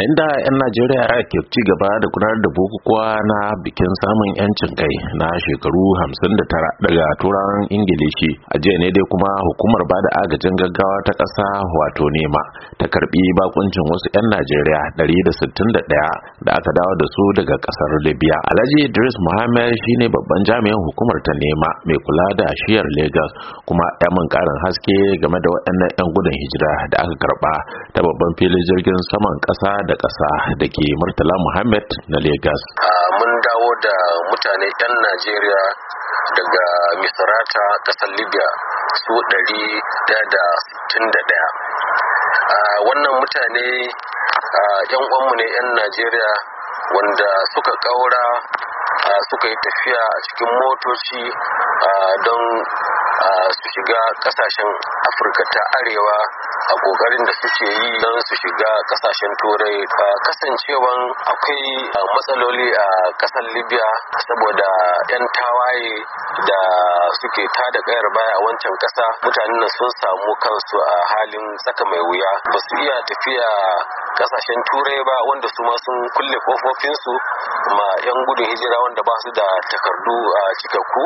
yayin da 'yan najeriya ke ci gaba da gudanar da bukukuwa na bikin samun 'yancin kai na shekaru 59 daga turan ingilishi a jiya ne dai kuma hukumar ba da agajin gaggawa ta ƙasa wato nema ta karbi bakuncin wasu 'yan najeriya 161 da aka dawo da su daga ƙasar libya alhaji idris muhammad shine babban jami'in hukumar ta nema mai kula da shiyar lagos kuma ya mun karin haske game da waɗannan 'yan gudun hijira da aka karba ta babban filin jirgin saman ƙasa da ƙasa da ke Murtala Muhammad na Legas. Mun dawo da mutane 'yan Najeriya daga Misrata ƙasar Libya su da ɗaya. Wannan mutane 'yan uwanmu ne 'yan Najeriya wanda suka ƙaura suka yi tafiya a cikin motoci don su shiga kasashen afirka ta arewa a kokarin da suke yi don su shiga kasashen turai kasancewan akwai matsaloli a kasar libya saboda 'yan tawaye da suke tada kayar baya a wancan kasa mutanen sun samu kansu a halin saka mai wuya ba su iya tafiya kasashen turai ba wanda su ma sun kulle kofofinsu ma 'yan gudun hijira wanda ba su da takardu a cikakku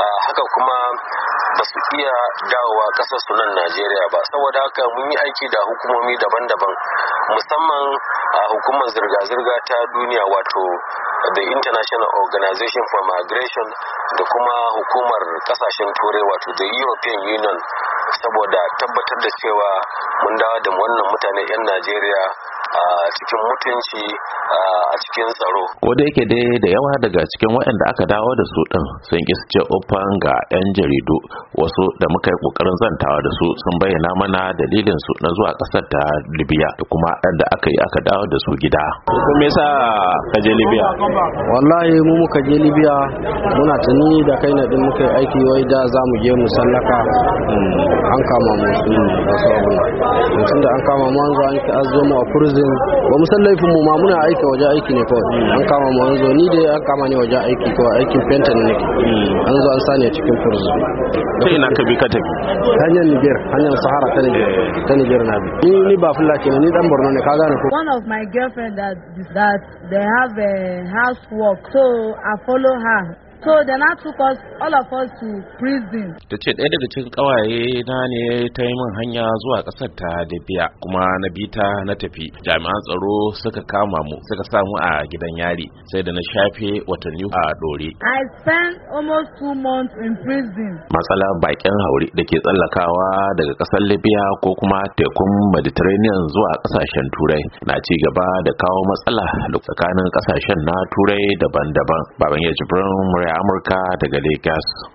haka kuma ba su iya dawowa kasar su nan Najeriya ba saboda haka mun yi aiki da hukumomi daban-daban musamman a hukumar zirga-zirga ta duniya wato the International Organization for Migration da kuma hukumar kasashen turai wato the European Union saboda tabbatar da cewa mun dawo da wannan mutane 'yan Najeriya a cikin mutunci a cikin tsaro ko da yake dai da yawa daga cikin waɗanda aka dawo da su din sun ki ce ofan ga yan jaridu wasu da muka yi kokarin zantawa da su sun bayyana mana dalilin su na zuwa kasar ta Libya da kuma da aka yi aka dawo da su gida ko me yasa ka je Libya wallahi mu muka je Libya muna tuni da kai na din muka yi aiki wai da za mu je mu sallaka hmm. an kama mu hmm, su ne da sauran mutum da an kama mu an zo an zo mu a kurzi. laifin ba mu san laifin mu ma muna aiki waje aiki ne kawai hmm. an kama mu an zo ni dai an kama ne waje aiki kawai aikin fenta ne hmm. an zo an sani a cikin furzu ta ina ka bi ka tafi hanyar niger hanyar sahara ta niger eh. ta niger na bi ni ni ba fulla kenan ni dan borno ne ka gane ko one of my girlfriend that that they have a housework so i follow her so da na took us all of us to prison ta ce ɗaya daga cikin ƙawaye na ne ta yi min hanya zuwa ƙasar ta da kuma na bi ta na tafi jami'an tsaro suka kama mu suka sa mu a gidan yari sai da na shafe watanni a dore i spent almost two months in prison matsala baƙin hauri da ke tsallakawa daga ƙasar libya ko kuma tekun mediterranean zuwa ƙasashen turai na ci gaba da kawo matsala tsakanin ƙasashen na turai daban-daban baban ya jibrin murya amurka daga Legas.